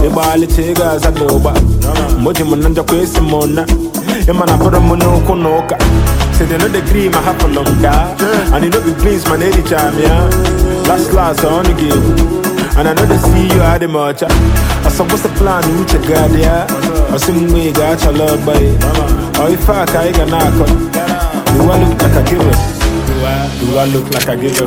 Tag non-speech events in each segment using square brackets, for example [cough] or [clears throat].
ibali chigaza doba moji munanja kwesi mona imana pora muno kunoka say they know the cream I have for long you be please my lady charm last last on the and I know they see you at the march I suppose the plan you check out yeah I see me got your love by oh if I can knock do I look like a giver do I look like a giver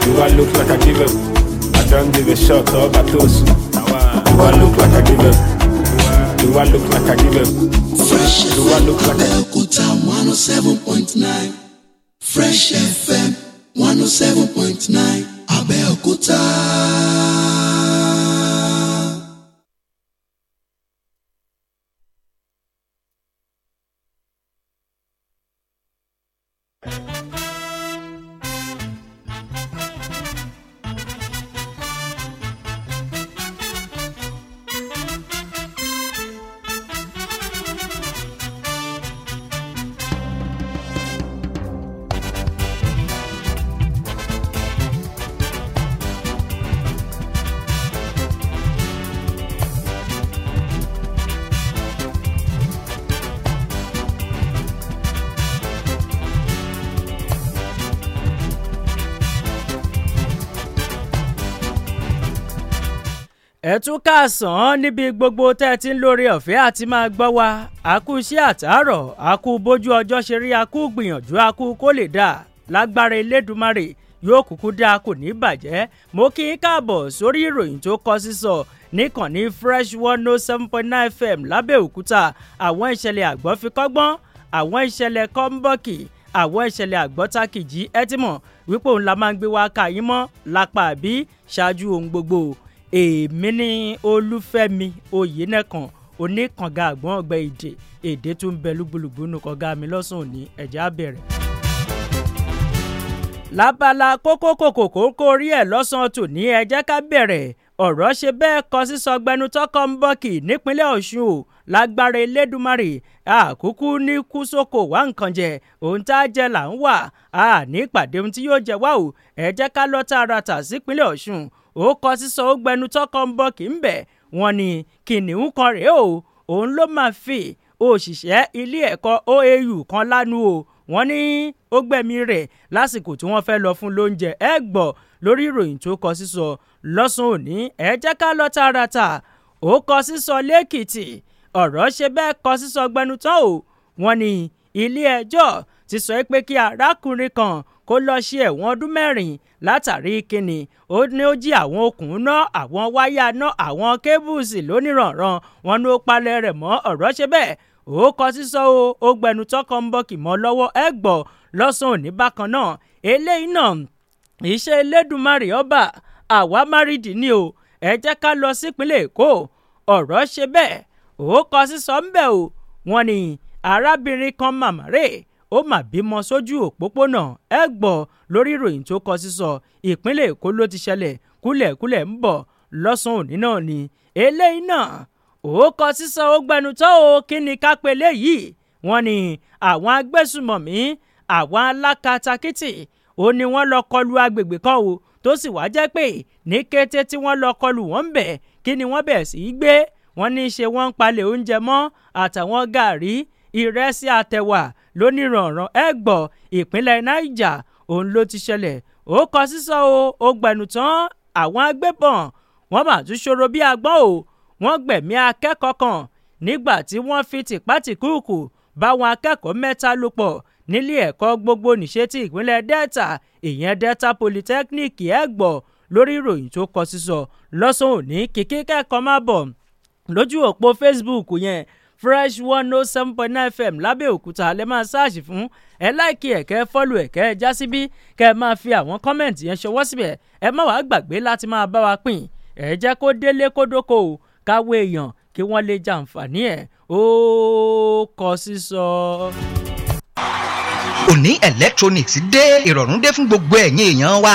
do I look like a giver I don't give a shot or oh, a toast Do I look like I give up? Do I look like I give up? Fresh Do I look like I Kuta 107.9 Fresh FM 107.9 Abel Kuta. ẹ tún káàsán níbi gbogbo tẹ́ ẹ ti ń lórí ọ̀fẹ́ àti máa gbọ́ wa àkú iṣẹ́ àtàárọ̀ àkú bójú ọjọ́ ṣe rí àkú gbìyànjú àkú kó lè dà lágbára elédùnmarè yóò kúkú dáa kò ní bàjẹ́ mo kí n káàbọ̀ sórí ìròyìn tó kọ sísọ níkànnì fresh one oh seven point nine fm lábẹ́òkúta àwọn ìṣẹ̀lẹ̀ àgbọ̀ fi kọ́gbọ́n àwọn ìṣẹ̀lẹ̀ kọ́ńbọ̀kì àwọn ìṣẹ̀lẹ̀ àgbọ́tàkìjì ẹtìmọ̀ wípé òun la máa ń gbé wá ká mọ́ lápá àbí ṣáájú ohun gbogbo èmi ní olúfẹ́mi oyinẹ̀kan oníkànga àgbọ̀n ọgbẹ́ èdè èdè tó ń bẹ lúgbúlùgbú nù kọ́gá mi lọ́sùn òní ẹ̀já bẹ̀rẹ̀. lábala kókó kòkò kò ń kórí ẹ̀ lọ́sàn-án tò ní ẹjẹ́ ká bẹ̀rẹ̀ ọ̀rọ̀ ṣe bẹ́ẹ̀ kọ sísọ gbẹnu tọkọ ń bọ̀ kì nípínlẹ̀ ọ̀ṣun o lágbára elédùnmarè àkúkú ní kúsókò wá nǹkan jẹ òun tá a jẹ là ń wà á ní ìpàdé ohun tí yóò jẹ wá o ẹ jẹ́ ká lọ tààràtà sípínlẹ̀ ọ̀ṣun ó kọ sísọ ó gbẹnu tọkọ ń bọ kì í bẹ̀ wọ́n ní kìnìún kan rèé o òun ló máa fi òṣìṣẹ́ ilé ẹ̀kọ́ OAU kan lánú o wọ́n ní ó gbẹ̀mí rẹ̀ lásìkò tí wọ́n fẹ́ lọ fún lóúnjẹ ẹ gbọ́ lórí ìròyìn tó kọ sísọ lọ́sùn òní ẹ jẹ́ ká lọ tààràtà ó kọ sísọ lẹ́kìtì ọ̀rọ̀ ṣe bẹ́ẹ̀ kọ sísọ gbẹnután o wọ́n ní ilé ẹjọ́ ti sọ pé kí arákùnrin kan kó lọ́ọ́ ṣe ẹ̀wọ̀n ọdún mẹ́rin látàrí kínni ó ní ó jí àwọn okùn náà àwọn wáyà náà àwọn kébùsì lóníranran wọn ní ó palẹ̀ rẹ̀ mọ́ ọ̀rọ̀ ṣe bẹ́ẹ̀ ó kọ sísọ o ó gbẹnu tọkọ ń bọ̀ kì mọ́ lọ́wọ́ ẹ gbọ́ lọ́sàn òní bákan náà eléyìí náà iṣẹ́ Elédùmarè ọba àwa márìdì ni o ẹ jẹ́ ká lọ sípínlẹ̀ Èkó ọ̀rọ̀ ṣe bẹ́ẹ̀ ó kọ sísọ ń bẹ̀ o wọ́n ní arábìnrin kan màmá rèé ó mà bímọ sójú òpópónà ẹ gbọ́ lórí ìròyìn tó kọ sísọ ìpínlẹ̀ èkó ló ti ṣẹlẹ̀ kúlẹ̀kúlẹ̀ ń bọ̀ lọ́sàn-án òní náà ni eléyìí náà ó kọ sísọ ó gbẹnu o kí ni ká pe léyìí wọ́n ní àwọn agbésùmọ̀mí àwọn alákatakítì ó ní wọ́n lọ kọlu agbègbè kan o tó sì wá jẹ́ pé ní kété tí wọ́n lọ kọlu wọn bẹ̀ kí ni wọ́n bẹ̀ sí í gbé wọ́n ní í ṣe wọ́n ń palẹ̀ oúnjẹ mọ́ àtàwọn gàárì ìrẹsì àtẹ̀wà lóníranran ẹgbọ́ ìpínlẹ̀ niger òun ló ti ṣẹlẹ̀ ó kọ sísọ o ó gbẹnu tán àwọn agbébọn wọ́n mà tún ṣòro bí agbọ́n o wọ́n gbẹ̀mí akẹ́kọ̀ọ́ kan nígbà tí wọ́n fi tìpátìkúùkù báwọn akẹ́kọ̀ọ́ mẹ́ta lò pọ̀ nílé ẹ̀kọ́ gbogbo níṣe ti ìpínlẹ̀ delta ìyẹn delta polytechnic ẹ̀gbọ́ lórí ìròyìn tó kọ sísọ lọ́sàn-án òní kìkì kẹ́kọ̀ọ́ má bọ̀ lójú òpó facebook yẹn fresh one oh seven point nine fm lábẹ́òkúta lẹ́ máa ṣáàṣì fún ẹ láìkí ẹ̀ kẹ́ fọ́lù ẹ̀ kẹ́ ẹ já síbí kẹ́ ẹ máa fi àwọn kọ́mẹ̀ntì yẹn ṣọwọ́ síbẹ̀ ẹ má wàá gbàgbé láti máa bá wa pín ẹ jẹ́ kó délé kó dóko o káwé èèyàn kí wọ́n lè jàǹfààní ẹ̀ ó kọ sísọ. òní electronics dé ìrọ̀rùn dé fún gbogbo ẹ̀yin èèyàn wa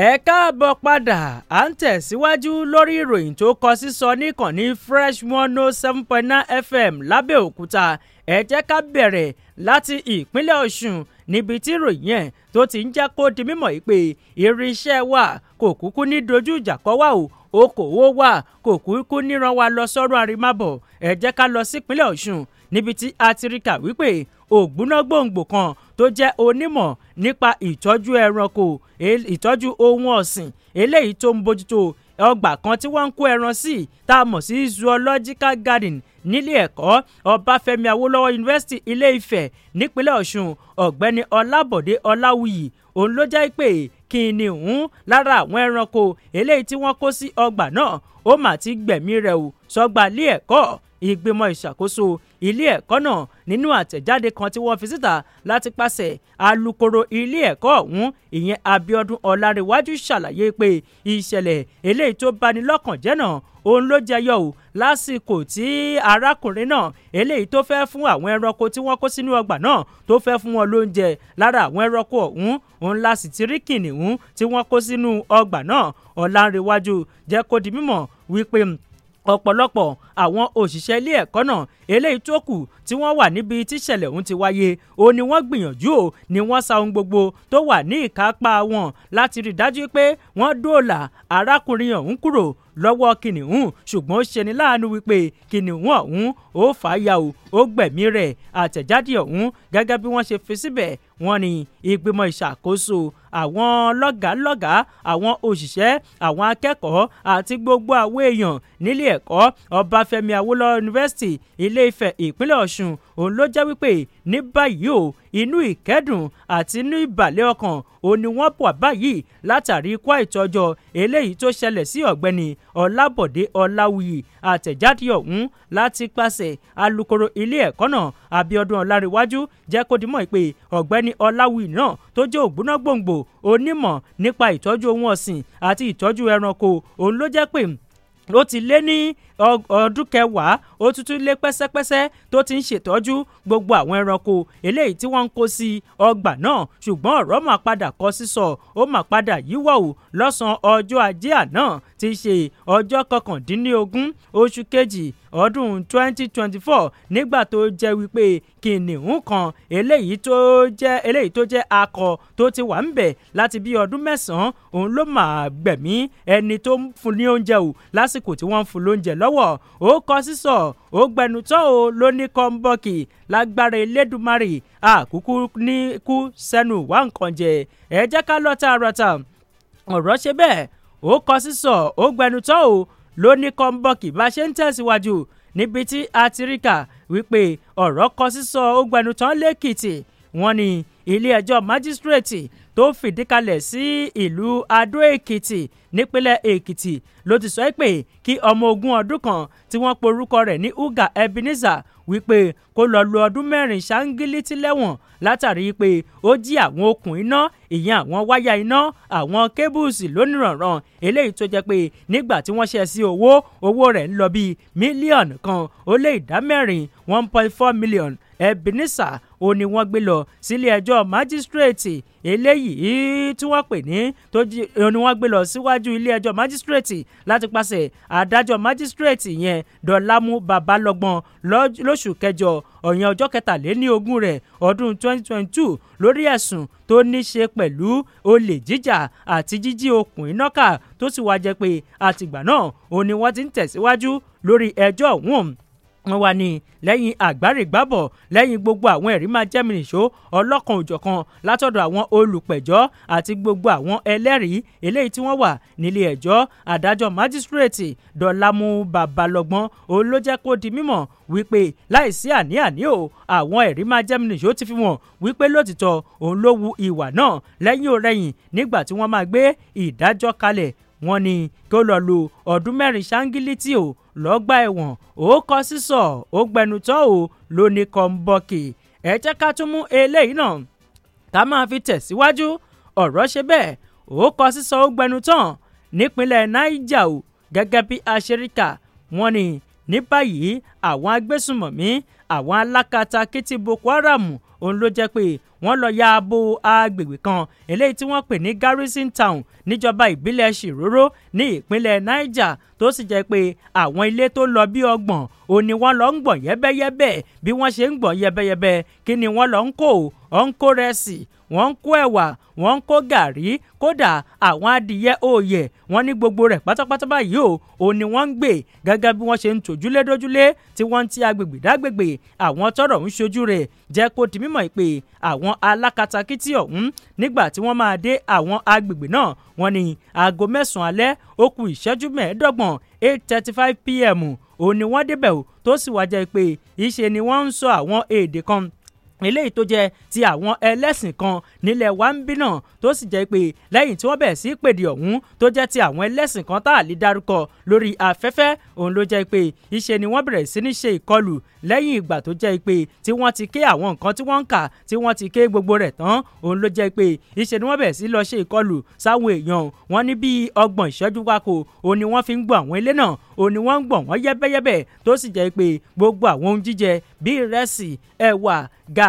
ẹ káàbọ̀ padà à ń tẹ̀síwájú lórí ìròyìn tó kọ sísọ níkànnì fresh one oh seven point nine fm lábẹ́òkúta ẹ jẹ́ ká bẹ̀rẹ̀ láti ìpínlẹ̀ ọ̀ṣun níbi tí ìròyìn yẹn tó ti ń jẹ́ kó di mímọ̀ yìí pé irinṣẹ́ wa kò kúkú ní dojú ìjà kọ́ wa o okòwò wa kò kúkú níran wa lọ sọ́run àrímábọ̀ ẹ jẹ́ ká lọ sípínlẹ̀ ọ̀ṣun níbi tí a wípé ògbúná gbòǹgbò kan tó jẹ́ onímọ̀ nípa ìtọ́jú ẹranko ìtọ́jú ohun ọ̀sìn eléyìí tó ń bójútó ọgbà kan tí wọ́n ń kó ẹran sí tá a mọ̀ sí zoological garden nílé ẹ̀kọ́ ọbáfẹ́mi awólọ́wọ̀ yunifásitì ilé ifẹ̀ nípínlẹ̀ ọ̀ṣun ọ̀gbẹ́ni ọlábọ̀dé ọláwuyì òun ló jẹ́ pé kìnìún lára àwọn ẹranko eléyìí tí wọ́n kó sí ọgbà náà ó mà ti gbẹ̀mí rẹ̀ ò sọgbà ilé ẹ̀kọ́ ìgbìmọ̀ ìṣàkóso ilé ẹ̀kọ́ náà nínú àtẹ̀jáde kan tí wọ́n fi síta láti pàṣẹ alukoro ilé ẹ̀kọ́ ọ̀hún ìyẹn Abíọ́dún Ọlárẹ̀wájú ṣàlàyé pé ìṣẹ̀lẹ̀ eléyìí tó bani lọ́kàn jẹ́ náà òun ló jẹyọ o lásìkò tí arákùnrin náà eléyìí tó fẹ́ fún àwọn ẹranko tí wọ́n kó sínú ọgbà náà tó fẹ́ fún wọn lóúnjẹ lára àwọn ẹranko ọ̀hún òun la sì ti rí tí wọ́n kó sínú ọgbà náà Ọlárẹ̀wájú jẹ́ kó di mímọ̀ wípé ọ̀pọ̀lọpọ̀ àwọn òṣìṣẹ́ ilé ẹ̀kọ́ náà eléyìí tó kù tí wọ́n wà níbi tíṣẹ̀lẹ̀ ọ̀hún ti wáyé ó ní wọ́n gbìyànjú ò ní wọ́n sa ohun gbogbo tó wà ní ìkápá wọn láti rí dájú pé wọ́n dóòlà arákùnrin ọ̀hún kúrò lọ́wọ́ kìnìún ṣùgbọ́n ó ṣeni láàánú wípé kìnìún ọ̀hún ó fàáyà ó gbẹ̀mí rẹ̀ àtẹ̀jáde ọ̀hún gẹ́gẹ́ bí wọ́n ṣe fi síbẹ̀ wọ́n ní ìgbìmọ̀ ìṣàkóso àwọn lọ́gàálọ́gàá àwọn òṣìṣẹ́ àwọn akẹ́kọ̀ọ́ àti gbogbo àwọn èèyàn nílé ẹ̀kọ́ ọbáfẹ́mi awólọ́wọ̀ yunifásitì ilé ifẹ̀ ìpínlẹ̀ ọ̀ṣun òun ló jẹ́ wípé ní báyìí o inú ìkẹ́dùn àti inú ìbàlẹ̀ ọkàn òun ni wọ́n pọ̀ báyìí látàrí ikú àìtọ́jọ́ eléyìí tó ṣẹlẹ̀ sí ọ̀gbẹ́ni ọlábọ̀dé ọláwuyì àtẹ̀jáde ọ̀hún láti pàṣẹ alukoro ilé ẹ̀kọ́ náà Abiodun Ọlárẹ̀wájú jẹ́ kó di mọ̀ pé ọ̀gbẹ́ni Ọláwì náà tó jẹ́ ògbóná gbòǹgbò onímọ̀ nípa ìtọ́jú ohun ọ̀sìn àti ìtọ́jú ẹranko òun ló jẹ́ pé ó ti lé ní ọdún kẹwàá ó tuntun lé pẹ́sẹ́pẹ́sẹ́ tó ti ń ṣètọ́jú gbogbo àwọn ẹranko eléyìí tí wọ́n ń kó sí ọgbà náà ṣùgbọ́n ọ̀rọ̀ mà padà kọ sísọ ó mà padà yíwọ̀ ò lọ́sàn-án ọjọ́ ajé àná ti ṣe ọjọ́ kọkàndínlógún oṣù kejì ọdún 2024 nígbà tó jẹ́ wípé kìnìún kan eléyìí tó jẹ́ eléyìí tó jẹ́ akọ tó ti wà ń bẹ̀ láti bí ọdún mẹ́sàn-án òun ló mà gbẹ̀mí ẹni tó ń fún ní oúnjẹ ò lásìkò tí wọ́n ń fún lóúnjẹ lọ́wọ́ láwọ̀ ó kọ sísọ ó gbẹnutọ́ o ló ní kọ́ńbọ́ọ̀kì lágbára elédùnmarè àkúkú ní kú sẹ́nu wá nǹkan jẹ ẹ jẹ́ ká lọ tààràtà ọ̀rọ̀ ṣe bẹ́ẹ̀ ó kọ sísọ ó gbẹnutọ́ o ló ní kọ́ńbọ́ọ̀kì bá ṣe ń tẹ̀síwájú níbi tí atiríkà wípé ọ̀rọ̀ kọ sísọ ó gbẹnutọ́ lẹ́kìtì wọ́n ní ilé ẹjọ́ májísírèètì tó fìdí kalẹ̀ sí ìlú adó-èkìtì nípínlẹ̀ èkìtì ló ti sọ pé kí ọmọ ogún ọdún kan tí wọ́n porúkọ rẹ̀ ní uga ebenezer wípé kó lọ lu ọdún mẹ́rin ṣáńgílítì lẹ́wọ̀n látàrí pé ó jí àwọn okùn iná ìyẹn àwọn wáyà iná àwọn kébùsì lónìrànràn eléyìí tó jẹ́ pé nígbà tí wọ́n ṣe sí owó owó rẹ̀ ń lọ bíi mílíọ̀nù kan ó lé ìdá mẹ́rin one point four million ebenezer ó ní wọ́n gbé lọ sílé ẹjọ́ májísírèètì eléyìí tí wọ́n pè ní tó ní wọ́n gbé lọ síwájú ilé ẹjọ́ májísírèètì láti pàṣẹ adájọ́ májísírèètì yẹn dọ̀lámú babalọ́gbọ̀n lóṣù kẹjọ ọ̀yàn ọjọ́ kẹtàléní ogún rẹ̀ ọdún 2022 lórí ẹ̀sùn tó ní ṣe pẹ̀lú olè jíjà àti jíjí okùn iná ká tó sì wá jẹ́ pé àtìgbà náà òun ni wọ́n ti ń tẹ̀síwájú lórí ẹjọ́ ọ̀hún wọ́n wá ní lẹ́yìn àgbárígbábọ̀ lẹ́yìn gbogbo àwọn ẹ̀rí máa jẹ́ mìnìṣó ọlọ́kan òjọ̀kan látọ̀dọ̀ àwọn olùpẹ̀jọ́ àti gbogbo àwọn ẹlẹ́rìí eléyìí tí wọ́n wà nílé ẹjọ́ adájọ́ májísírèètì dọ̀làmú babalọ́gbọ́n òun ló jẹ́ kó di mímọ̀ wípé láìsí àní-àní o àwọn ẹ̀rí máa jẹ́ mìnìṣó ti fi wọ̀n wípé lótìtọ́ òun ló wu ìwà náà lẹ́yìn òrẹ́yìn nígbà tí wọ́n máa gbé ìdájọ́ wọ́n ní kí ó lọ lu ọdún mẹ́rin ṣáńgílítì o lọ́gbà ẹ̀wọ̀n ó kọ sísọ ó gbẹnutọ́ o ló ní kọ́ńbọ́ọ̀kì ẹ jẹ́ ká tún mú eléyìí náà ká máa fi tẹ̀síwájú ọ̀rọ̀ ṣe bẹ́ẹ̀ ó kọ sísọ ó gbẹnutàn nípínlẹ̀ niger o gẹ́gẹ́ bí aṣeríkà wọ́n ní ní báyìí àwọn agbésùnmọ̀mí àwọn alákatakítí boko haram òun ló jẹ́ pé wọ́n lọ ya abo agbègbè kan eléyìí tí wọ́n pè ní Garrison Town níjọba ìbílẹ̀ Ṣìróró ní ìpínlẹ̀ Niger tó sì jẹ́ pé àwọn ilé tó lọ bí ọgbọ̀n ò ní wọ́n lọ ń gbọ̀n yẹ́bẹ́yẹ́bẹ́ bí wọ́n ṣe ń gbọ̀n yẹ́bẹ́yẹ́bẹ́ kí ni wọ́n lọ ń kó ọ̀ ń kó rẹ́sì wọ́n ń kó ẹ̀wà wọ́n ń kó gàrí kódà àwọn adìyẹ òòyẹ̀ wọ́n ní gbogbo rẹ̀ pátápátá báyìí o ò ní wọ́n ń gbè gẹ́gẹ́ bí wọ́n ṣe ń tòjúlé dójúlé tí wọ́n ń ti agbègbè dágbègbè àwọn tọ́rọ̀ ń ṣojú rẹ̀ jẹ́ kó àwọn alákatakítí ọ̀hún nígbà tí wọ́n máa dé àwọn agbègbè náà wọ́n ní aago mẹ́sàn-án alẹ́ ó kù ìṣẹ́jú mẹ́ẹ̀ẹ́dọ́gbọ̀n eight thirty five pm òun ni wọ́n débẹ̀ o tó sì wá jẹ́ pé ìṣe ni wọ́n ń sọ àwọn èdè kan eléyìí tó jẹ́ ti àwọn ẹlẹ́sìn kan nílẹ̀ wa ń bí tó sì jẹ́ pé lẹ́yìn tí wọ́n bẹ̀rẹ̀ sí pèdè ọ̀hún tó jẹ́ ti àwọn ẹlẹ́sìn kan tá à lè dárúkọ lórí afẹ́fẹ́ òun ló jẹ́ pé iṣẹ́ ni wọ́n bẹ̀rẹ̀ sí ní ṣe ìkọlù lẹ́yìn ìgbà tó jẹ́ pé tí wọ́n ti ké àwọn nǹkan tí wọ́n ń kà tí wọ́n ti ké gbogbo rẹ̀ tán òun ló jẹ́ pé iṣẹ́ ni wọ́n bẹ̀rẹ̀ sí lọ ṣe ìkọlù sáwọn èèyàn wọn ní bíi ọgbọ̀n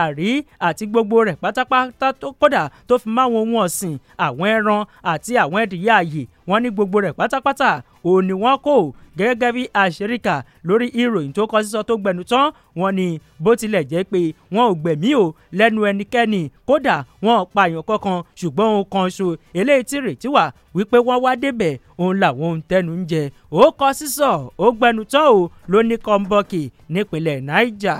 gàárì àti gbogbo rẹ̀ pátápátá tó kódà tó fi máwọn ohun ọ̀sìn àwọn ẹran àti àwọn ẹ̀dìyẹ ààyè wọn ní gbogbo rẹ̀ pátápátá òun ni wọ́n kò gẹ́gẹ́ bí àṣeríkà lórí ìròyìn tó kọ sísọ tó gbẹnu tán wọ́n ní bó tilẹ̀ jẹ́ pé wọn ò gbẹ̀mí o lẹ́nu ẹnikẹ́ni kódà wọn ò pààyàn kankan ṣùgbọ́n ohun kan ṣo eléyìí tí rètí wà wípé wọ́n wá débẹ̀ òun làwọn ohun tẹnu ń jẹ ó kọ sísọ ó gbẹnu tán o ló ní kọ́ńbọ́ọ̀kì nípínlẹ̀ Niger.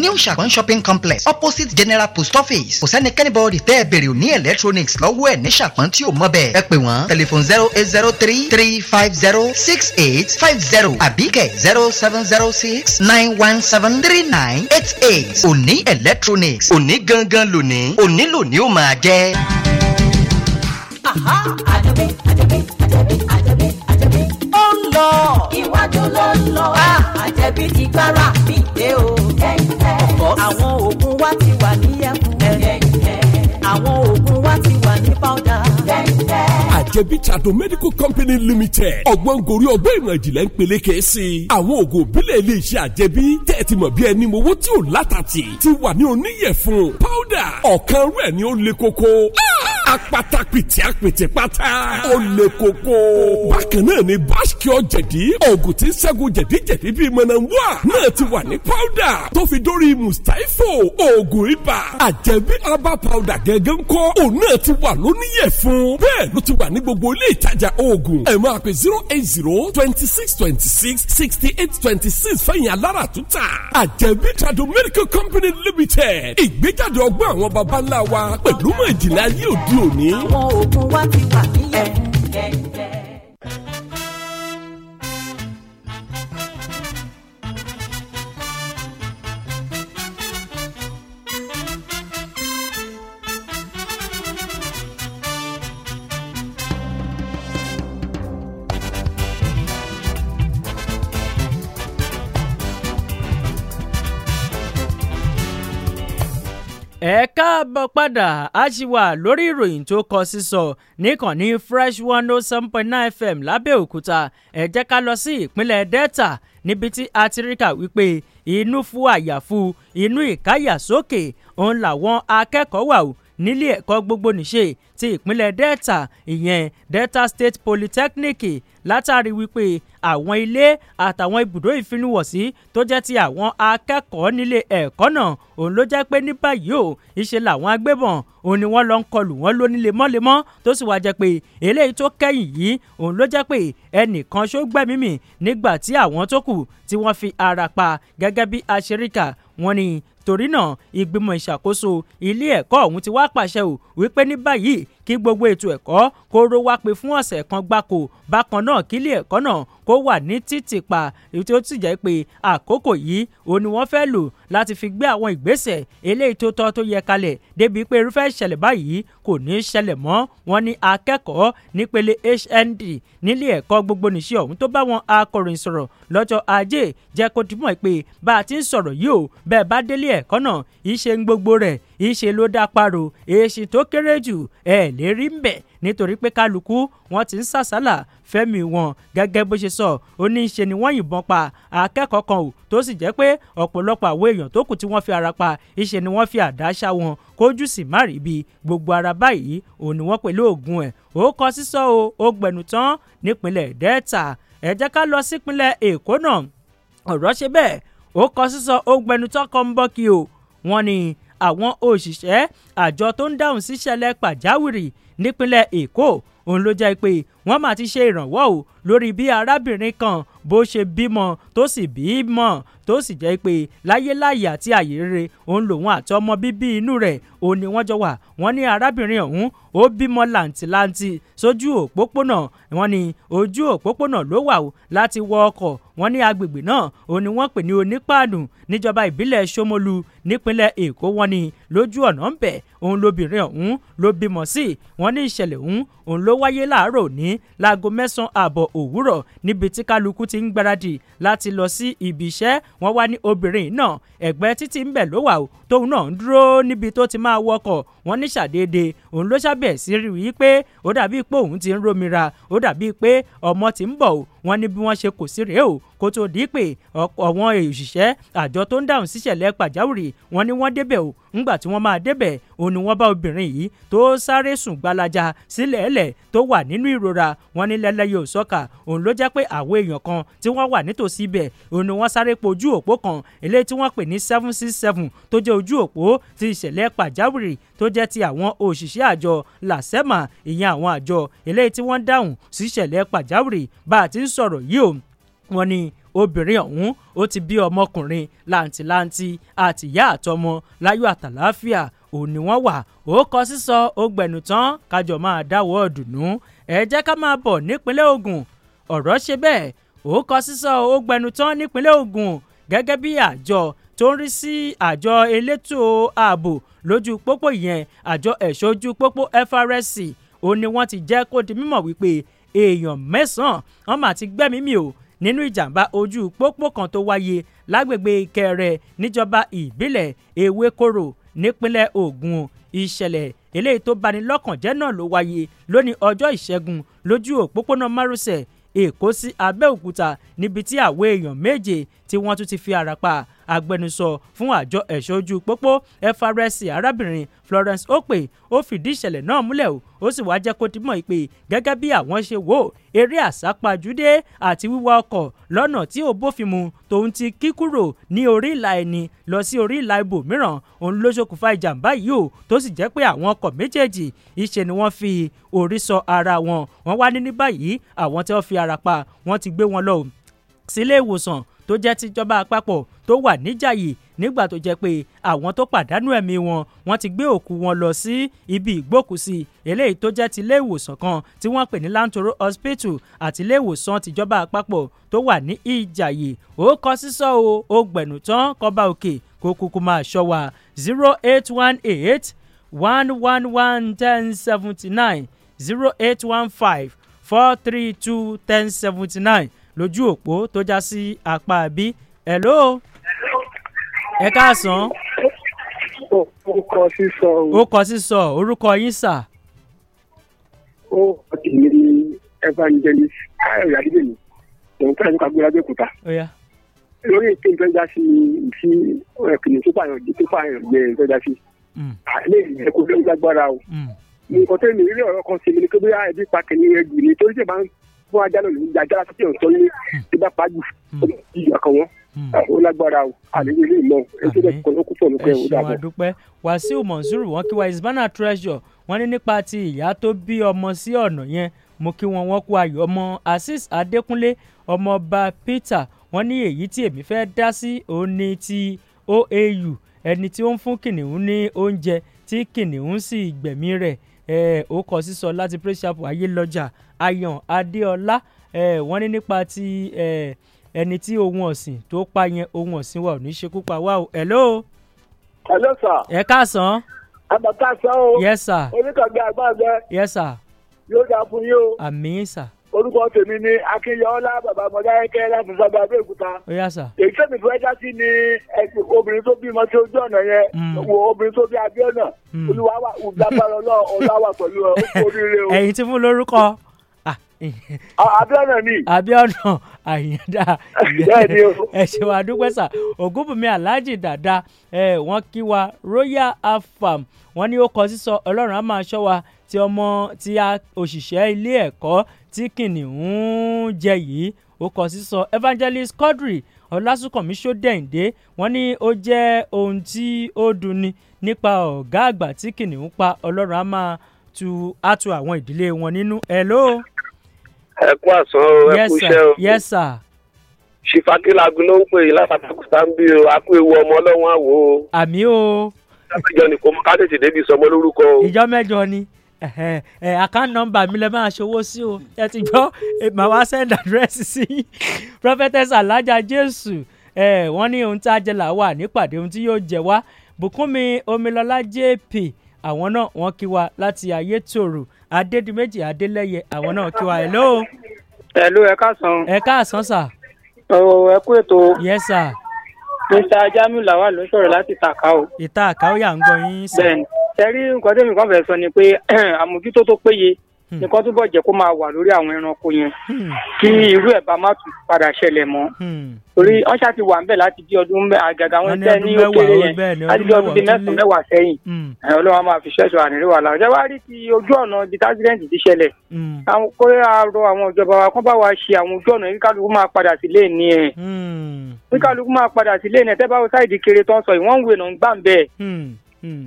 new Ṣàpọ́n shopping complex opposite general post office kò sẹ́nikẹ́ni bọ́ọ̀dì tẹ́ ẹ bèrè ní electronics lọ́wọ́ ẹ̀ ní Ṣàpọ́n tí o mọ̀ bẹ́ẹ̀ ẹ pè wọ́n telephone zero eight zero three three five zero six eight five zero abike zero seven zero six nine one seven three nine eight eight òní electronics òní gangan lónìí òní lónìí ó máa jẹ́. àjẹbí àjẹbí àjẹbí àjẹbí àjẹbí ó ń lọ iwájú ló ń lọ àjẹbí ah, ti gbára mi dé o àwọn oògùn wa ti wà ní ẹ̀kúnrẹ́rẹ́ àwọn oògùn wa ti wà ní pọ́dà. Àjẹbí Trado Medical Company Limited ọgbọ́n gorí ọgbọ́n ìmọ̀ ìjìnlẹ̀ ń peléke sí i. Àwọn oògùn òbílẹ̀ ilé-iṣẹ́ àjẹbí tẹ̀ ẹ́ ti mọ̀ bí ẹni mowó tí ò látàtì ti wà ní oníyẹ̀fun powder ọ̀kan rẹ̀ ni ó le koko apatapìtì apìtì pátá. O le koko. bákan náà ni báṣkì ọ̀jẹ̀dí oògùn tí ń ṣẹ́gun jẹ̀díjẹ̀dí bíi mọ̀nàmúà náà ti wà ní pọ́dà tó fi dórí mùsítáífò oògùn ibà àjẹbí herbal powder gẹ́gẹ́ ń kọ́ òun náà ti wà lóníyẹ̀ fún. bẹ́ẹ̀ ló ti wà ní gbogbo ilé ìtajà oògùn ẹ máa pè zero eight zero twenty six twenty six sixty eight twenty six fẹ̀yìn alára tuta àjẹbí tradu medical company limited ìgbéjáde ọgbọ́n àwọn baba ńlá wa pẹ̀lú mọ̀ ìjìnlẹ̀ ayé òde òní. àwọn oògùn wa ti wà nílẹ̀ kẹ́kẹ́. ẹ káàbọ̀ padà a ṣì wà lórí ìròyìn tó kọ sísọ níkànnì fresh one oh seven point nine fm lábẹ́òkúta ẹ jẹ́ ká lọ sí ìpínlẹ̀ delta níbi tí atiríkà wípé inú fún àyàfu inú ìkáyàsókè òun làwọn akẹ́kọ̀ọ́ wà nílé ẹ̀kọ́ gbogboníṣe ti ìpínlẹ̀ Delta ìyẹn Delta State Polytechnic látàrí wípé àwọn ilé àtàwọn ibùdó ìfinúwọ̀sí tó jẹ́ ti àwọn akẹ́kọ̀ọ́ nílé ẹ̀kọ́ náà òun ló jẹ́ pé ní báyìí o ìṣe làwọn agbébọn òun ni wọ́n lọ ń kọlù wọ́n lóní lemọ́lemọ́ tó sì wá jẹ́ pé eléyìí tó kẹ́yìn yìí òun ló jẹ́ pé ẹnìkan ṣó gbẹ́mímì nígbà tí àwọn tó kù tí wọ́n fi ara pa gẹ́gẹ́ bí aṣeríkà wọ́n ní torí náà ìgbìmọ̀ ìṣàkóso ilé ẹ̀kọ́ ọ̀hún ti wá pàṣẹ ò wípé ní báyìí kí gbogbo ètò ẹ̀kọ́ kó ró wá pé fún ọ̀sẹ̀ kan gbáko bákan náà kílé ẹ̀kọ́ náà kó wà ní títìpa èyí tó sì jẹ́ pé àkókò yìí òun ni wọ́n fẹ́ lò láti fi gbé àwọn ìgbésẹ̀ eléyìí tó tọ́ tó yẹ kalẹ̀ débìí pé irúfẹ́ ìṣẹ̀lẹ̀ báyìí kò ní í ṣẹlẹ̀ mọ́ wọn ni akẹ́kọ̀ọ́ nípele HND nílé ẹ̀kọ́ gbogbo nìṣẹ́ ọ̀hún tó bá wọn akọ̀ròyìn sọ̀rọ̀ lọ́jọ́ ajé jẹ́ kó ti mọ̀ pé bá a ti ń sọ̀rọ̀ yìí o bẹ́ẹ̀ bá délé ẹ̀kọ́ náà ìṣe gbogbo rẹ̀ ìṣe ló dá parò èsì tó kéré jù ẹ̀ lè rí mbẹ̀ nítorí pé kálukú wọn ti ń sàsálà fẹ́mi wọn gẹ́gẹ́ bó ṣe sọ ó ní í ṣe ni wọ́n yìnbọn pa akẹ́kọ̀ọ́ kan ò tó sì jẹ́ pé ọ̀pọ̀lọpọ̀ àwọn èèyàn tó kù tí wọ́n fi ara pa ìṣe ni wọ́n fi àdá ṣá wọn kójú sì má rí ibi gbogbo ara báyìí òun ni wọ́n pẹ̀lú oògùn ẹ̀ ó kọ sísọ o ó gbẹ̀nù tán nípínlẹ̀ delta ẹ jẹ́ ká lọ sípínlẹ̀ èkó náà ọ̀rọ̀ ṣe bẹ́ẹ̀ ó kọ sísọ ó gbẹ̀nù tán kọ́ ń bọ́ kí o wọ́n ní àwọn òṣìṣẹ́ àjọ tó ń dáhùn síṣẹ̀lẹ̀ pàjáwìrì nípínlẹ̀ èkó òun ló jẹ́ pé wọ́n mà ti ṣe ìrànwọ́ o lórí bí arábìnrin kan bó ṣe bímọ tó sì bímọ tó sì jẹ́ pé láyéláyé àti àyè rere òun lòun àti ọmọ bíbí inú rẹ̀ òun ni wọ́n jọ wà wọ́n ní arábìnrin ọ̀hún ó bímọ làǹtìlanti sójú òpópónà wọ́n ní ojú òpópónà ló wà o láti wọ ọkọ̀ wọ́n ní agbègbè náà òun ni wọ́n pè ní onípàánù níjọba ìbílẹ̀ Ṣómolú nípínlẹ̀ Èkó wọ́n ní lójú ọ̀nà ń bẹ̀ òun lobìnrin ọ̀hún ló bímọ sí òní láago mẹ́sàn-án ààbọ̀ òwúrọ̀ níbi tí kálukú ti ń gbáradì láti lọ sí ibi iṣẹ́ wọ́n wá ní obìnrin náà ẹ̀gbẹ́ títí ń bẹ̀ ló wà ó tóun náà ń dúró níbi tó ti máa wọkọ̀ wọ́n ní ṣàdédé òun ló ṣàbẹ̀ sí rí i pé ó dàbí pé òun ti ń rómira ó dàbí pé ọmọ ti ń bọ̀ wọ́n ní bí wọ́n ṣe kò sí rèé o kó tó di pé àwọn òṣìṣẹ́ àjọ tó ń dáhùn síṣẹ̀lẹ̀ pàjáwìrì wọ́n ní wọ́n débẹ̀ o ńgbà tí wọ́n máa débẹ̀ òun ni wọ́n bá obìnrin yìí tó sáré sùn gbalaja sílẹ̀ẹ́lẹ̀ tó wà nínú ìrora wọ́n ní lẹ́lẹ́ yóò sọ́kà òun ló jẹ́ pé àwọn èèyàn kan tí wọ́n wà nítòsí ibẹ̀ òun ni wọ́n sáré po òpó kan eléyìí tí wọ́n pè ní seven six seven tó jẹ́ ojú òpó ti ìṣẹ̀lẹ̀ pàjáwìrì tó jẹ́ ti àwọn òṣìṣẹ́ àjọ làsẹ́mà ìyẹn àwọn àjọ eléyìí tí wọ́n dáhùn síṣẹ̀lẹ̀ pàjáwìrì bá a ti ń sọ̀rọ̀ yìí o wọ́n ní obìnrin ọ̀hún ó ti bí ọmọkùnrin làǹtìlanti àtìyá àtọmọ láyọ̀ àtàláfíà òun ni wọ́n wà ó kọ sísọ ó gbẹ̀nù tán kájọ máa dáwọ́ ọ̀dùnnú ẹ jẹ́ ká máa bọ̀ nípínlẹ̀ Ògùn ọ̀rọ̀ ṣe bẹ́ẹ̀ ó kọ sísọ ó gbẹ̀nù tán nípínlẹ̀ Ògùn gẹ́gẹ́ bí àjọ tó ń rí sí àjọ elétò ààbò lójú pópó yẹn àjọ ẹ̀ṣọ́ pópó FRSC ó ní wọ́n ti jẹ́ kó di mímọ̀ wípé èèyàn mẹ́sàn-án wọ́n mà ti gbẹ́mí mi ò nínú ìjàmbá ojú pópó kan tó wáyé lágbègbè Ìkẹrẹ níjọba ìbílẹ̀ Ewékòró nípínlẹ̀ Ògùn ìṣẹ̀lẹ̀ eléyìí tó bani lọ́kàn jẹ́ náà ló wáyé lónìí ọjọ́ ìṣẹ́gun lójú òpópónà márosẹ̀ Èkó sí Abẹ́òkúta níbi tí àwọn èèyàn méje tí wọ́n tún ti fi ara pa agbẹnusọ fún àjọ ẹ̀ṣọ́ ojú pópó FRSC arábìnrin Florence Okpe ó fìdí ìṣẹ̀lẹ̀ náà múlẹ̀ o ó sì wá jẹ́ kó ti mọ̀ pé gẹ́gẹ́ bí àwọn ṣe wò ó eré àsápajúdé àti wíwa ọkọ̀ lọ́nà tí ò bófin mu tòun ti kí kúrò ní orí ìlà ẹni lọ sí orí ìlà ibòmíràn òun ló ṣokùnfà ìjàmbá yìí o tó sì jẹ́ pé àwọn ọkọ̀ méjèèjì ìṣe ni wọ́n fi orí sọ ara wọn wọ́n wá ní ní báyìí àwọn tí wọ́n fi ara pa wọ́n ti gbé wọn lọ sílé ìwòsàn tó jẹ́ tìjọba àpapọ̀ tó wà níjàyè nígbà tó jẹ́ pé àwọn tó pàdánù ẹ̀mí wọn wọ́n ti gbé òkú wọn lọ sí ibi ìgbókùsí eléyìí tó jẹ́ tilé ìwòsàn kan tí wọ́n pè ní Lantoro Hospital àti ilé ìwòsàn tìjọba àpapọ̀ tó wà ní Ìjàyè ó kọ sísọ o ó gbẹ̀nù tán kọba òkè kó kúkú máa ṣọ́ wa zero eight one eight one one one ten seventy nine zero eight one five four three two ten seventy nine lójú òpó tó já sí apá bí hello ẹ káàsán. orúkọ sísọ o. orúkọ sísọ orúkọ yín sà. ó ọ̀dìmí evangelist káyọ̀dé adébẹ̀mí òun fẹ́ràn nípa gbéra bẹ́ẹ̀kúta. lórí ètò ìtọ́jà sí ti ẹ̀kìnì eh, tó pààyàn di tó pààyàn gbé ìtọ́jà sí. Mm. àlẹ́ ìrẹ̀kọ́ ló ń gbàgbára o. Mm. nǹkan tó ń rí ọ̀rọ̀ kan sí mi ni pé bóyá ẹbí pa kìnìún ẹgbì ni torí ṣe máa ń fún ajá náà ló ń ja ajá láti ọ̀tọ́ ní tó bá pàjù hmm. ó ìyá kan wọn hmm. ah, ó lágbára o àlejò ilé ìmọ̀ ètò ìkọ̀ ló kú pọ̀ lókè ó dàbọ̀. àdúpẹ́ wàsíù mọ̀nsúrù wọn kí wa isbana treasure wọn ní nípa ti ìyá tó bí ọmọ sí ọ̀nà yẹn mo kí wọn wọn kú ayọ̀ ọmọ azeez adékúnlé ọmọọba peter wọn ní èyí tí èmi fẹ́ dá sí òun ti oau ẹni tí ó ń fún kìnìún ní oúnjẹ tí kìnìún sì gbẹ̀mí rẹ̀ ó kọ sísọ láti Praise Chapel Ayélọ́jà Adéọlá wọ́n ní nípa ti ẹni tí ohun ọ̀sìn tó pa yẹn ohun ọ̀sìn wa ní ṣekú pa wá o. hello. hello sir. ẹ káàsán. àbàkà sàn o. yes sir. oníkàgbé àgbà bẹ. yes sir. yóò dáa fún yín o. àmín sir orúkọ tèmi ni akínyọlá bàbá mọdáyẹkẹ láti sábà abẹ́òkúta èyí tẹ̀mí fẹ́ já sí ni obìnrin tó bímọ sí ojú ọ̀nà yẹn hmm. wo obìnrin tó bí abíọ́nà hmm. olúwa wà ọ̀dàbàrọ̀ náà ọ̀dà wà pẹ̀lú oríire o. ẹ̀yin tí fún lórúkọ. Ah, abíọ́nà ni. abíọ́nà àyíǹda ẹ ṣé wa dúpẹ́ sà ògúnbùnmi aláàjì dàda ẹ kí wa royal afam wọ́n ní ó kọ sísọ ọlọ́run á máa ṣọ́ wa ti ọmọ ti òṣìṣẹ́ ilé ẹ̀kọ́ tí kìnìún ń jẹ yìí ó kọ sísọ evangelist quadri ọlásùnkànmí ṣódẹ̀ǹdé wọn ni ó jẹ́ ohun tí ó dunni nípa ọ̀gá àgbà tí kìnìún pa ọlọ́run á máa tu á àwọn ìdílé wọn nínú. hello. ẹ kú àsán o ẹ kú iṣẹ́ o. yes sir. ṣìfàkì lagun ló ń pè yín látàkùsà ń bí o a kú ewu ọmọ ọlọ́run àwò o. àmì o. ìjọ mẹ́jọ ni kò mọ ká tètè débi sọmọ lórúkọ o. ìjọ mẹ́jọ ni ẹ ẹ account number mi lẹ máa ṣòwò sí o ẹ ti gbọ́ màá wá send address [laughs] sí prophetess alhaja jésù ẹ wọ́n ní ohun tá a jẹ là wà nípàdé ohun tí yóò jẹ wá bùkúnmi omilọlá jp àwọn náà wọ́n kí wa láti ayétòrò adédìméjì adélẹyẹ àwọn náà kí wa hello. hello ẹ káàsán. ẹ káàsán sà. ọ̀ ẹ kú ètò. yes sir. mr jamiu lawal ló sọ̀rọ̀ láti Ìtàkà o. Ìtàkà ó yà ń gbọ́ yín sir. bẹ́ẹ̀ni ẹ̀rí nǹkan tẹ́mi kan fẹ́ sọ ni pé [clears throat] àmójútó tó péye hmm. nǹkan túbọ̀ jẹ́ kó máa wà lórí àwọn ẹranko yẹn hmm. kí irú ẹ̀ bá má tún padà ṣẹlẹ̀ mọ́ hmm. torí ọ̀ṣà ti wà ńbẹ̀ láti bí ọdún àgàgà wọn tẹ́ ní òkèèrè yẹn láti bí ọdún bíi mẹ́sàn-án mẹ́wàá sẹ́yìn ọlọ́run máa fi ṣẹ́ṣọ́ àníríw wà láwùjọ wá rí ti ojú ọ̀nà ibi tásídẹ́ǹtì ti ṣẹlẹ̀ àwọn a rọ àwọn ìjọba wa kán bá wa ṣe àwọn ojú ọ̀nà kíkálukú máa padà sílé ní ẹ̀ kíkálukú máa padà sílé ní ẹ̀ tẹ́ bá wo sáìdì kiri tán sọ ìwọ́n ń wè náà ń gbà ń bẹ́ẹ̀ Hmm.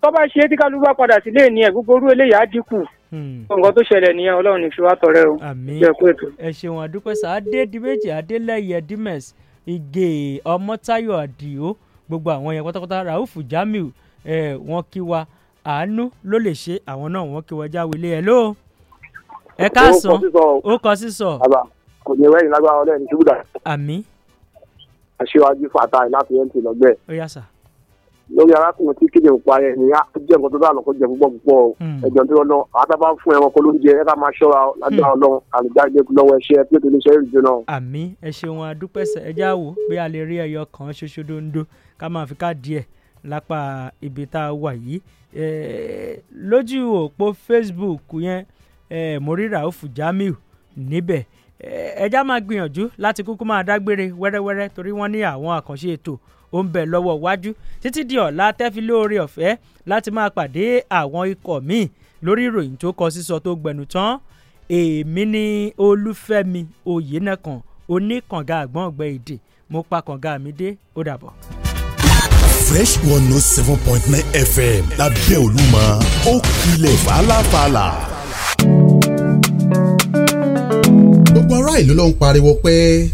tó bá ṣe é tí kálukú bá padà sílé ni ẹ̀ gbogbo orú eléyà á dínkù hmm. nǹkan tó ṣẹlẹ̀ nìyẹn ọlọ́run ní fi wá tọrẹ o jẹ́ kó ètò. ẹ ṣeun àdúpẹ́ sá adé dìbèjì adélẹ́yẹ dimes igè ọmọtáyọ̀ àdìo gbogbo àwọn yẹn pátápátá rauf jamiu wọn kí wa àánú ló lè ṣe àwọn náà wọn kí wọn jáwé ilé ẹ lóo ẹ káàsán ó kọ sísọ. kò ní wẹ́yìn lágbára ọlẹ́ni ṣubúdà. àmì. aṣíwájú fàtà láti ń tì lọ́gbẹ́ lórí arákùnrin tí kéde òpa ẹ ní jẹ nǹkan tó bá lọkọ jẹ púpọ̀ púpọ̀ hmm. ẹjọ́ tó lọ àtàbà fún ẹranko lóúnjẹ ẹ ká máa ṣọ́ra lájọ hmm. Ọlọ́run àlùjáde lọ́wọ́ ẹṣẹ pé tó ní sọ èrè jóná. àmì ẹ ṣeun adúpẹ́sẹ ẹjẹ́ àwò bí a lè rí ẹyọ kan ṣoṣo dondo ká máa fi ká díẹ̀ lápá ibi tá a wà yìí lójú òpó Facebook yẹn morira ofu Jamiu níbẹ̀ ẹjá máa gbìyànjú láti kúkú máa dágbére wẹ́rẹ́wẹ́rẹ́ torí wọ́n ní àwọn àkànṣe ètò ó ń bẹ lọ́wọ́ iwájú títí di ọ̀la tẹ́fi ọ̀fẹ́ láti máa pàdé àwọn ikọ̀ míì lórí ìròyìn tó kọ sísọ tó gbẹnu tán èmi ni olúfẹ́mi oyènàkàn oníkànga àgbọ̀n ọ̀gbẹ́ èdè mo pa kànga mi dé ó dàbọ̀. fresh one note oh seven point nine fm lábẹ́ olúmọ ó kilẹ̀ fàlàfàlà gbogbo ará ìlú ló ń pariwo pé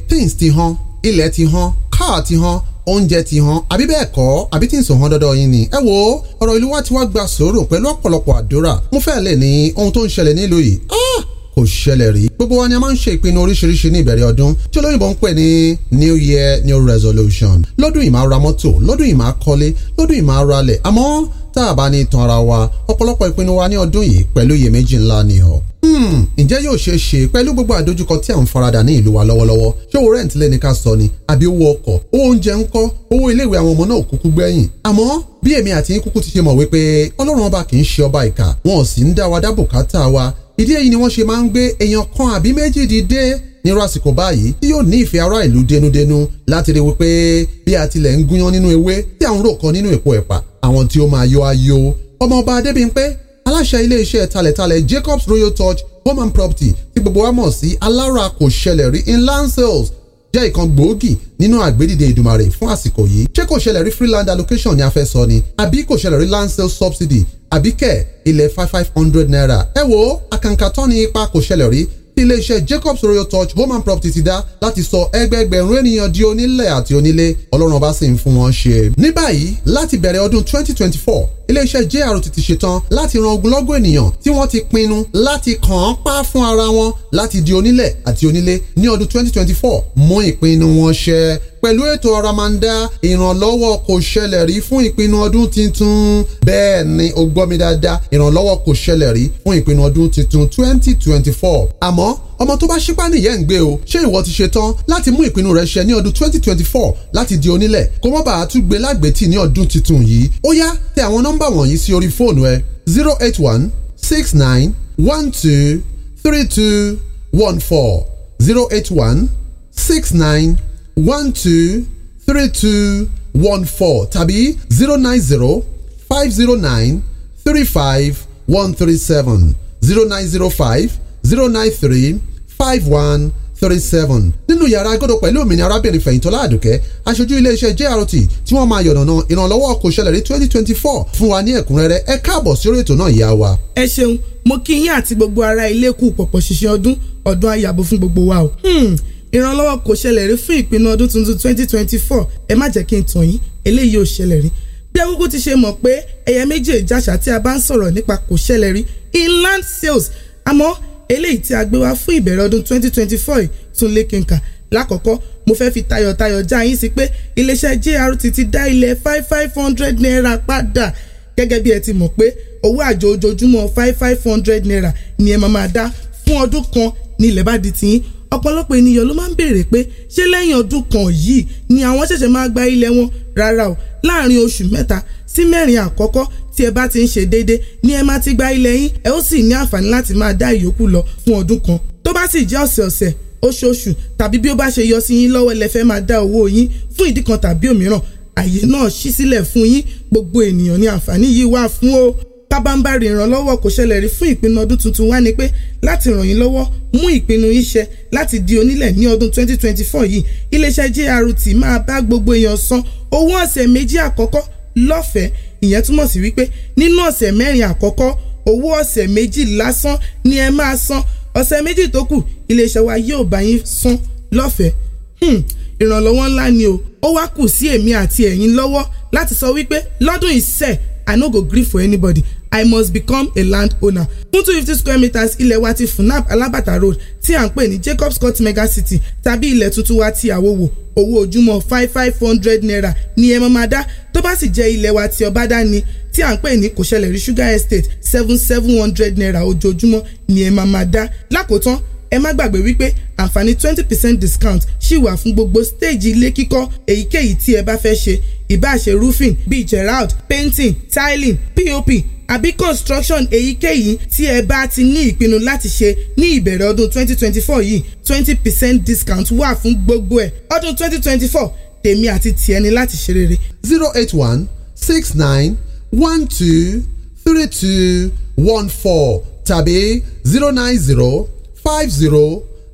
things ti hàn ilẹ̀ ti hàn káà ti hàn oúnjẹ ti hàn àbí bẹ́ẹ̀ kọ́ àbí tí ń sùn hàn dandan yín ni. ẹ wo ọ̀rọ̀ ìlú wa ti wá gba sòrò pẹ̀lú ọ̀pọ̀lọpọ̀ àdúrà mo fẹ́ lè ní ohun tó ń ṣẹlẹ̀ nílùú yìí ah, kò ṣẹlẹ̀ rí gbogbo wa ni a máa ń ṣe ìpinnu oríṣiríṣi ní ìbẹ̀rẹ̀ ọdún tí olóyìnbó ń pè ní new year new resolution lọ́dún yìí máa ra mọ́tò lọ́dún yìí máa kọ́lé lọ́dún yìí máa ralẹ̀ àmọ́ tá a bá ní tan ara wa ọ̀pọ̀lọpọ̀ ìpinnu wa ní ọdún yìí pẹ̀lú iyèméjì ńlá ni o Hmm, ǹjẹ́ yóò ṣe é ṣe pẹ̀lú gbogbo àdójúkọ tí à ń faradà ní ìlú wa lọ́wọ́lọ́wọ́ ṣé owó rẹ́ǹtì lẹ́ni ká sọ ni àbí owó ọkọ̀ owó oúnjẹ ń kọ́ owó iléèwé àwọn ọmọ náà kúkú gbẹ̀yìn àmọ́ bí èmi àti yín kúkú ti ṣe mọ̀ wípé ọlọ́run ọba kì í ṣe ọba ìkà wọn ò sì ń dá wa dá bùkátà wa ìdí èyí ni wọ́n ṣe máa ń gbé èèyàn kan àbí méjì dìde nírú àsìkò báyìí tí yóò ní ìfẹ́ ará ìlú denudenu láti rí wípé bí a tilẹ̀ ń gúnyán nínú ewé tí à rò kan nínú èpo ẹ̀pà àwọn tí ó máa yọ ayọ̀ ọmọ ọba Adébímpé aláṣẹ iléeṣẹ́ talẹ̀talẹ̀ Jacob's Royal Touch Home and Property tí gbogbo wa mọ̀ sí alára kò ṣẹlẹ̀ rí in land sales jẹ́ ìkan gbòógì nínú àgbédìde ìdùmarè fún àsìkò yìí ṣé kò ṣẹlẹ̀ rí free land allocation ni a fẹ́ sọ ni àbí kò ṣẹlẹ̀ rí land sales subsidy àbí kẹ̀ ilẹ̀ five five hundred naira ẹ wo àkàǹkà tán ni ipa kò ṣẹlẹ̀ rí tí iléeṣẹ́ Jacob's Royal Touch Home and Property ti dá láti sọ ẹgbẹẹgbẹ̀rún ènìyàn di onílẹ̀ àti onílé ọlọ́run ọba sì ń fún wọn ṣe. ní báyìí láti bẹ̀rẹ̀ ọdún twenty twenty four iléeṣẹ́ JRT ti ṣetán láti ran ogunlọ́gọ̀ ènìyàn tí wọ́n ti pinnu láti kàn án pa fún ara wọn láti di onílẹ̀ àti onílé ní ọdún 2024 mú ìpinnu wọn ṣẹ pẹ̀lú ètò ọ̀ramandá ìrànlọ́wọ́ kò ṣẹlẹ̀ rí fún ìpinnu ọdún tuntun bẹ́ẹ̀ ni o gbọ́ mi dáadáa ìrànlọ́wọ́ kò ṣẹlẹ̀ rí fún ìpinnu ọdún tuntun 2024 àmọ́ ọmọ tó bá ṣípá nìyẹn ń gbé o ṣé ìwọ ti ṣe tán láti mú ìpinnu rẹ ṣẹ ní ọdún 2024 láti di onílẹ̀ kó mọ́ bàa tún gbé lágbètì ní ọdún tuntun yìí ó yá tẹ àwọn nọ́mbà wọ̀nyí sí orí fóònù ẹ 081 69 12 32 14 081 69 12 32 14 tàbí 090 509 35 137 0905 zero nine three five one thirty seven nínú yàrá agodo pẹ̀lú òmìnira arábìnrin fẹ̀yìntọ́lá àdùkẹ́ aṣojú iléeṣẹ́ JRT tí wọ́n máa yọ̀nàna ìrànlọ́wọ́ kò ṣẹlẹ̀ rí twenty twenty four fún wa ní ẹ̀kúnrẹ́rẹ́ ẹ káàbọ̀ sí orí ètò náà ìyá wa. ẹ ṣeun mo kí yín àti gbogbo ará ilé kú pọ̀pọ̀ ṣiṣẹ́ ọdún ọdún ayàbò fún gbogbo wa o. Hmm. ìrànlọ́wọ́ kò ṣẹlẹ̀ rí fún ìpinnu ọdún tuntun twenty twenty four ẹ má jẹ́ kí n tàn yín eléyìí ò ṣẹlẹ̀ rí bí akókó ti ṣe mọ̀ pé ẹ̀yà méjì ìjàṣà tí a bá ń sọ̀rọ̀ nípa kò ṣẹlẹ̀ rí inland sales àmọ́ eléyìí tí a gbé wá fún ìbẹ̀rẹ̀ ọdún 2024 tún lékenkà lákọ̀ọ́kọ́ mo fẹ́ fi tayọ̀tayọ̀ já yín sí pé iléeṣẹ́ JRT ti dá ilẹ̀ five five hundred naira padà gẹ́gẹ́ bí ẹ ti mọ̀ pé owó àjọ ojoojúmọ́ five five hundred naira ni ẹ máa máa dá fún ọdún kan ní ilẹ̀ bá di tiyín ọ̀pọ̀lọpọ̀ ènìyàn ló máa ń béèrè pé ṣé lẹ́yìn ọdún kan yìí ni àwọn ṣẹ̀ṣẹ̀ máa gba ilẹ̀ wọn rárá o láàrin oṣù mẹ́ta sí mẹ́rin àkọ́kọ́ tí ẹ bá ti ń ṣe déédéé ni ẹ máa ti gba ilẹ̀ yín ẹ ó sì ní àǹfààní láti máa dá ìyókù lọ fún ọdún kan tó bá sì jẹ́ ọ̀sẹ̀ọ̀sẹ̀ oṣooṣù tàbí bí ó bá ṣe yọ sí yín lọ́wọ́ ẹlẹ́fẹ́ máa dá owó yín fún ìdí kan tàbí òmíràn àyè náà ṣí sílẹ̀ fún yín gbogbo ènìyàn ní àǹfààní yìí wà fún o pábánbárì ìrànlọ́wọ́ kò ṣẹlẹ̀ rí fún ìpinnu ọdún tuntun wá ni pé láti ràn yín lọ́wọ́ mú ìpinnu yín láti di onílẹ̀ ní ọdún 2024 yìí iléeṣẹ́ JRT máa bá gbogbo èèyàn san owó ọ̀sẹ̀ méjì àkọ́kọ́ lọ́fẹ̀ẹ́ ìyẹn túmọ̀ sí wípé nínú ọ̀sẹ̀ mẹ́rin àkọ́kọ́ owó ọ̀sẹ̀ méjì lásán ni ẹ máa san ọ̀sẹ̀ méjì tó kù iléeṣẹ́ wa yóò bá yín san lọ́fẹ̀ẹ́ hmm, ìrànlọ́wọ́ ńlá ni o ó wá kù sí èmi àti ẹ̀yin lọ́wọ́ láti sọ wípé lọ́dún ìṣẹ́ I no go gree for anybody I must become a land owner. fún two fifty square meters ilẹ̀ wa ti funab alábàtà road tí à ń pè ní Jacob Scott mega city tàbí ilẹ̀ tuntun wa ti àwòwò owó ojúmọ́ five five hundred naira ni ẹ mọ́ máa dá tó bá sì jẹ́ ilẹ̀ wa ti ọ̀bádá ni tí à ń pè ní kòṣẹlẹ̀rí sugar estate seven seven hundred naira ojoojúmọ́ ni ẹ máa máa dá lákòótán ẹ má gbàgbé wípé àǹfààní twenty percent discount ṣì wà fún gbogbo stéèjì ilé kíkọ́ èyíkéyìí tí ẹ bá fẹ́ ṣe ìbáṣe roofing bíi gerald painting tiling pop àbí construction èyíkéyìí tí ẹ bá ti ní ìpinnu láti ṣe ní ìbẹ̀rẹ̀ ọdún 2024 yìí 20 percent discount wà fún gbogbo ẹ̀ ọdún 2024 tèmi àti tiẹ̀ ni láti ṣe rere. zero eight one six nine one two three two one four tàbí zero nine zero five zero